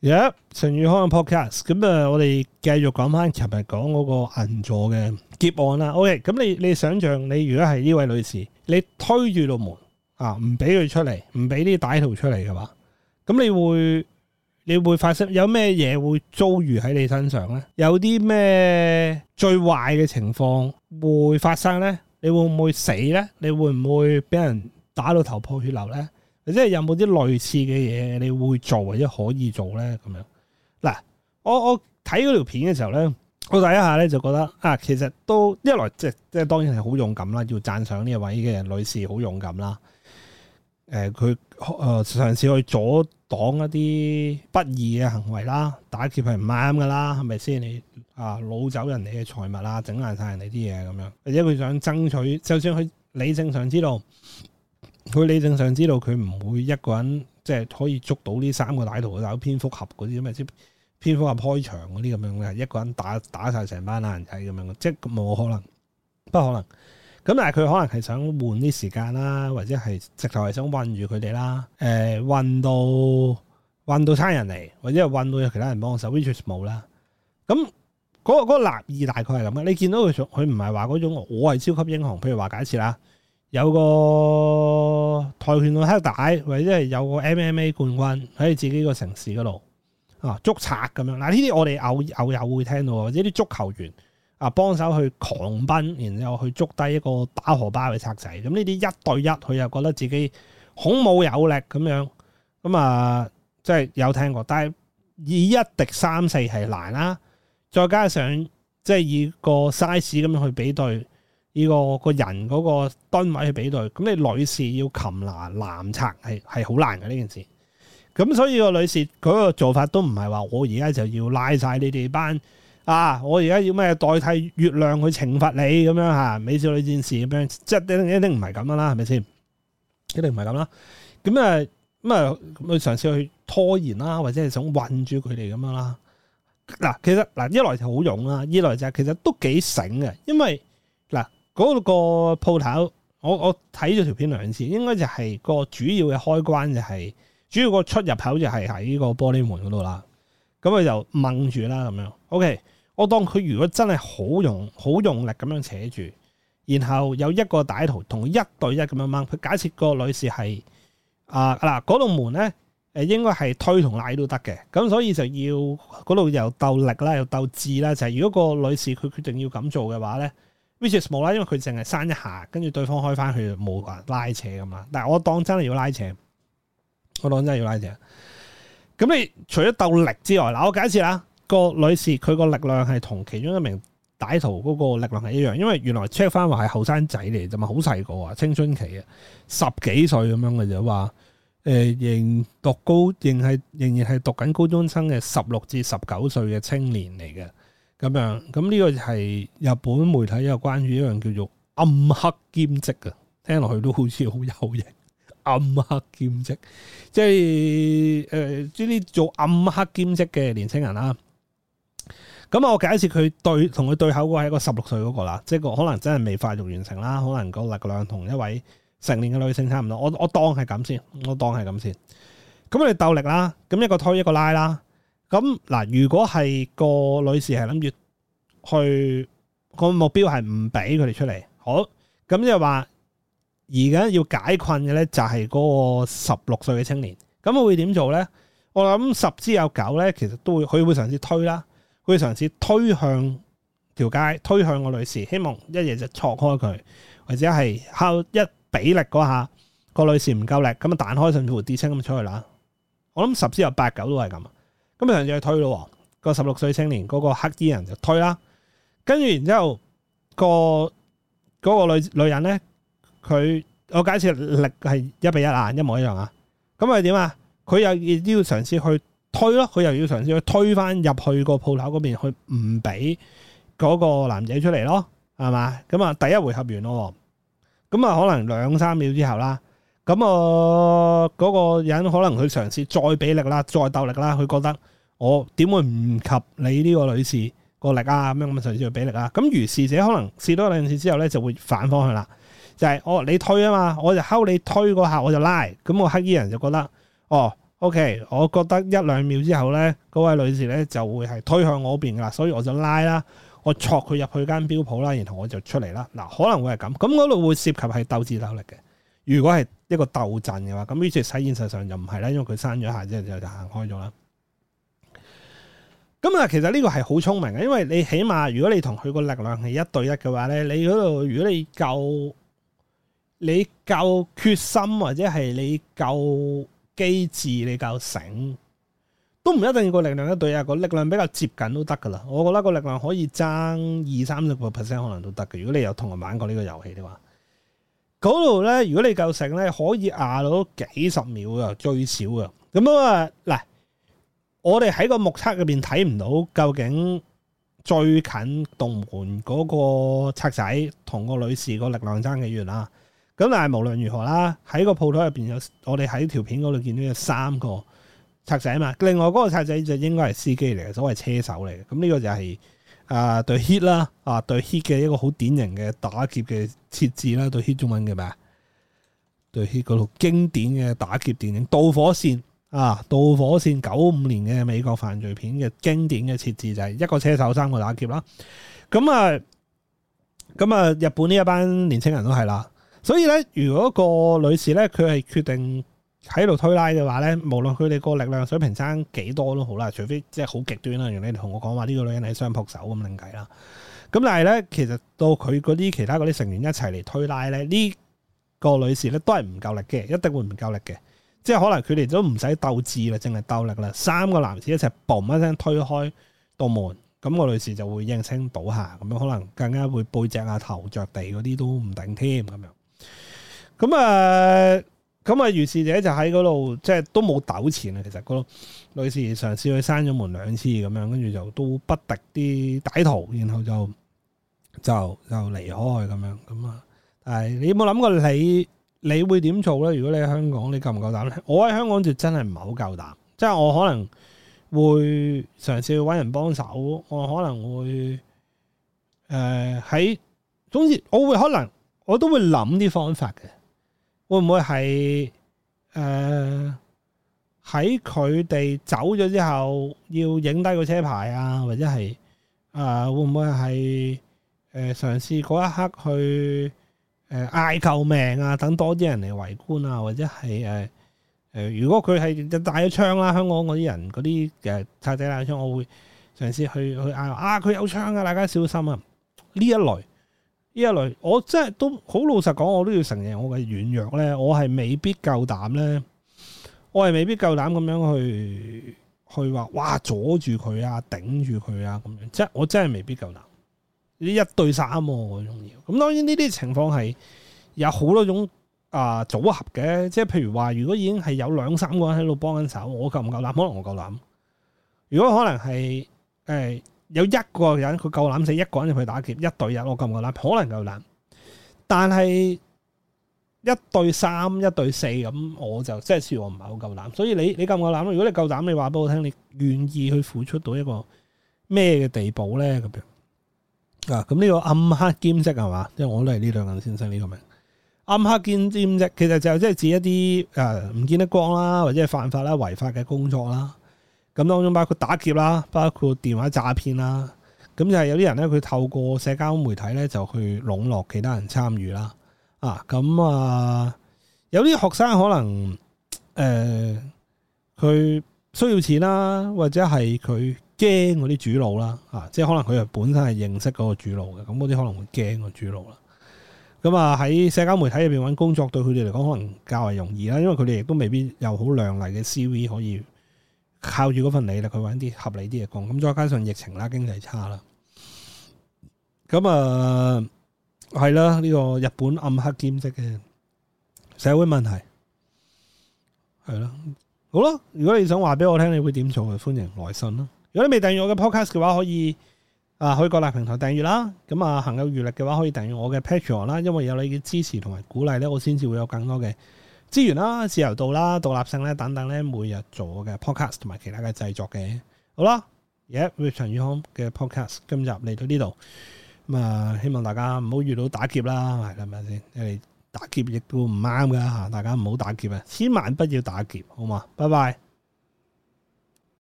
有陳宇康嘅 podcast，咁啊，我哋繼續講翻尋日講嗰個銀座嘅劫案啦。OK，咁你你想象你如果係呢位女士，你推住道門啊，唔俾佢出嚟，唔俾啲歹徒出嚟嘅話，咁你會你會發生有咩嘢會遭遇喺你身上咧？有啲咩最壞嘅情況會發生咧？你會唔會死咧？你會唔會俾人打到頭破血流咧？即係有冇啲類似嘅嘢你會做或者可以做咧咁樣？嗱，我我睇嗰條片嘅時候咧，我睇一下咧就覺得啊，其實都一來即即係當然係好勇敢啦，要讚賞呢一位嘅女士好勇敢啦。誒、呃，佢誒嘗試去阻擋一啲不義嘅行為啦，打劫係唔啱噶啦，係咪先？你啊，攞走人哋嘅財物啦，整爛晒人哋啲嘢咁樣，而且佢想爭取，就算佢理性上知道。佢理性上知道佢唔會一個人即係、就是、可以捉到呢三個歹徒，或者蝙蝠俠嗰啲，因為蝙蝠俠開場嗰啲咁樣嘅，一個人打打晒成班啦人仔咁樣，即係冇可能，不可能。咁但係佢可能係想換啲時間啦，或者係直頭係想韞住佢哋啦。誒、呃，韞到韞到差人嚟，或者係韞到有其他人幫手，which is 冇啦。咁嗰、嗯嗰個嗰個立意大概係咁嘅。你見到佢佢唔係話嗰種我係超級英雄，譬如話假設啦。有個跆拳道黑帶，或者係有個 MMA 冠軍喺自己個城市嗰度啊捉賊咁樣。嗱呢啲我哋偶偶有會聽到，或者啲足球員啊幫手去狂奔，然後去捉低一個打荷包嘅賊仔。咁呢啲一對一，佢又覺得自己孔武有力咁樣。咁啊，即係有聽過。但係以一敵三四係難啦、啊。再加上即係、就是、以個 size 咁樣去比對。呢個個人嗰個單位去比對，咁你女士要擒拿男賊係係好難嘅呢件事。咁所以個女士嗰個做法都唔係話我而家就要拉晒你哋班啊，我而家要咩代替月亮去懲罰你咁樣嚇？美少女戰士咁樣，即係一定唔係咁啦，係咪先？一定唔係咁啦。咁啊咁啊，去嘗試去拖延啦，或者係想困住佢哋咁樣啦。嗱，其實嗱，一來就好勇啦，二來就其實都幾醒嘅，因為。嗰個鋪頭，我我睇咗條片兩次，應該就係個主要嘅開關就係、是、主要個出入口就係喺個玻璃門嗰度啦。咁佢就掹住啦咁樣。OK，我當佢如果真係好用好用力咁樣扯住，然後有一個歹徒同一對一咁樣掹，佢假設個女士係啊嗱嗰度門咧，誒應該係推同拉都得嘅。咁所以就要嗰度、那個、又鬥力啦，又鬥智啦。就係、是、如果個女士佢決定要咁做嘅話咧。which 就冇啦，因為佢淨係閂一下，跟住，對方開翻去，冇話拉扯㗎嘛。但係我當真係要拉扯，我當真係要拉扯。咁你除咗鬥力之外，嗱，我解釋啦，個女士佢個力量係同其中一名歹徒嗰個力量係一樣，因為原來 check 翻話係後生仔嚟，啫嘛好細個啊，青春期啊，十幾歲咁樣嘅啫，話誒仍讀高，仍係仍然係讀緊高中生嘅十六至十九歲嘅青年嚟嘅。咁樣，咁呢個就係日本媒體有關注一樣叫做暗黑兼職啊！聽落去都好似好有型，暗黑兼職，即係誒，呢、呃、啲、就是、做暗黑兼職嘅年青人啦。咁我解釋佢對同佢對口嗰個係一個十六歲嗰個啦，即係個可能真係未發育完成啦，可能個力量同一位成年嘅女性差唔多，我我當係咁先，我當係咁先。咁我哋鬥力啦，咁一個推一個拉啦。咁嗱，如果係個女士係諗住去個目標係唔俾佢哋出嚟，好咁就話而家要解困嘅咧，就係嗰個十六歲嘅青年。咁我會點做咧？我諗十之有九咧，其實都會，佢會嘗試推啦，佢會嘗試推向條街，推向個女士，希望一嘢就錯開佢，或者係敲一比力嗰下，個女士唔夠力，咁啊彈開甚至乎跌親咁出去啦。我諗十之有八九都係咁。咁咪嘗試去推咯，嗰個十六歲青年嗰個黑衣人就推啦，跟住然之後、個嗰、個女女人咧，佢我解釋力係一比一啊，一模一樣啊，咁咪點啊？佢又要嘗試去推，去推去去咯，佢又要嘗試去推翻入去個鋪頭嗰邊去唔俾嗰個男仔出嚟咯，係嘛？咁啊第一回合完咯，咁啊可能兩三秒之後啦。咁啊，嗰、嗯那個人可能佢嘗試再俾力啦，再鬥力啦。佢覺得我點會唔及你呢個女士個力啊？咁樣咁嘅嘗試去俾力啦、啊。咁如是者，可能試多兩次之後咧，就會反方向啦。就係、是、我、哦、你推啊嘛，我就敲你推嗰下，我就拉。咁我黑衣人就覺得，哦，OK，我覺得一兩秒之後咧，嗰位女士咧就會係推向我邊啦，所以我就拉啦，我戳佢入去間標舖啦，然後我就出嚟啦。嗱、嗯，可能會係咁，咁嗰度會涉及係鬥智鬥力嘅。如果係一個鬥陣嘅話，咁於是喺現實上就唔係啦，因為佢生咗下之後就行開咗啦。咁啊，其實呢個係好聰明嘅，因為你起碼如果你同佢個力量係一對一嘅話咧，你嗰度，如果你夠你夠決心或者係你夠機智、你夠醒，都唔一定要個力量一對啊，個力量比較接近都得噶啦。我覺得個力量可以爭二三十個 percent 可能都得嘅。如果你有同人玩過呢個遊戲嘅話。嗰度咧，如果你夠醒咧，可以壓到幾十秒噶最少噶。咁啊，嗱，我哋喺個目測入邊睇唔到究竟最近洞門嗰個賊仔同個女士個力量爭幾遠啦。咁但係無論如何啦，喺個鋪頭入邊有，我哋喺條片嗰度見到有三個賊仔嘛。另外嗰個賊仔就應該係司機嚟嘅，所謂車手嚟嘅。咁呢個就係、是。啊，對 Heat 啦，啊對 Heat 嘅一個好典型嘅打劫嘅設置啦，對 Heat 中文嘅咩？對 Heat 嗰套經典嘅打劫電影《盜火線》啊，《盜火線》九五年嘅美國犯罪片嘅經典嘅設置就係、是、一個車手三個打劫啦。咁啊，咁啊，日本呢一班年輕人都係啦。所以咧，如果個女士咧，佢係決定，喺度推拉嘅話咧，無論佢哋個力量水平差幾多都好啦，除非即係好極端啦。原來你同我講話呢個女人係相撲手咁，另計啦。咁但係咧，其實到佢嗰啲其他嗰啲成員一齊嚟推拉咧，呢、這個女士咧都係唔夠力嘅，一定會唔夠力嘅。即係可能佢哋都唔使鬥智啦，淨係鬥力啦。三個男子一齊嘣一聲推開道門，咁、那個女士就會應聲倒下。咁樣可能更加會背脊啊頭着地嗰啲都唔定添咁樣。咁、嗯、啊～、呃咁啊！如是者就喺嗰度，即係都冇糾纏啊！其實嗰度類似嘗試去閂咗門兩次咁樣，跟住就都不敵啲歹徒，然後就就就離開咁樣咁啊！但係你有冇諗過你你會點做咧？如果你喺香港，你夠唔夠膽咧？我喺香港就真係唔係好夠膽，即係我可能會嘗試去揾人幫手，我可能會誒喺、呃、總之，我會可能我都會諗啲方法嘅。會唔會係誒喺佢哋走咗之後要影低個車牌啊？或者係啊、呃？會唔會係誒、呃、嘗試嗰一刻去誒嗌、呃、救命啊？等多啲人嚟圍觀啊？或者係誒誒，如果佢係帶咗槍啦、啊，香港嗰啲人嗰啲誒差仔帶槍，我會嘗試去去嗌啊！佢有槍噶、啊，大家小心啊！呢一類。呢一類，我真係都好老實講，我都要承認我嘅軟弱咧。我係未必夠膽咧，我係未必夠膽咁樣去去話哇阻住佢啊，頂住佢啊咁樣。即係我真係未必夠膽。呢一對三，啊，我仲要咁。咁當然呢啲情況係有好多種啊，呃、組合嘅。即係譬如話，如果已經係有兩三個人喺度幫緊手，我夠唔夠膽？可能我夠膽。如果可能係誒。呃有一個人佢夠膽死，一個人入去打劫，一對一我夠唔夠膽？可能夠膽，但係一對三、一對四咁，我就即係算我唔係好夠膽。所以你你夠唔夠膽？如果你夠膽，你話俾我聽，你願意去付出到一個咩嘅地步咧？咁樣啊。咁，嗯、呢，這個暗黑兼職係嘛？即係我都係呢兩樣先生呢個名，暗黑兼兼職其實就即係指一啲誒唔見得光啦，或者係犯法啦、違法嘅工作啦。咁當中包括打劫啦，包括電話詐騙啦，咁就係有啲人咧，佢透過社交媒體咧就去籠絡其他人參與啦。啊，咁啊，有啲學生可能誒，佢、呃、需要錢啦，或者係佢驚嗰啲主腦啦。啊，即係可能佢本身係認識嗰個主腦嘅，咁嗰啲可能會驚個主腦啦。咁啊，喺社交媒體入邊揾工作，對佢哋嚟講可能較為容易啦，因為佢哋亦都未必有好靚麗嘅 C V 可以。靠住嗰份履歷，去搵啲合理啲嘅工，咁再加上疫情啦，經濟差啦，咁啊係啦，呢、嗯，這個日本暗黑兼職嘅社會問題係咯，好咯，如果你想話俾我聽，你會點做嘅，歡迎來信啦！如果你未訂閱我嘅 podcast 嘅話，可以啊去各大平台訂閱啦。咁啊，行有餘力嘅話，可以訂閱我嘅 Patreon 啦，因為有你嘅支持同埋鼓勵咧，我先至會有更多嘅。資源啦、自由度啦、獨立性咧等等咧，每日做嘅 podcast 同埋其他嘅製作嘅，好啦，而家陳宇康嘅 podcast 今日嚟到呢度，咁啊希望大家唔好遇到打劫啦，係咪先？打劫亦都唔啱噶吓，大家唔好打劫啊，千萬不要打劫，好嘛？拜拜。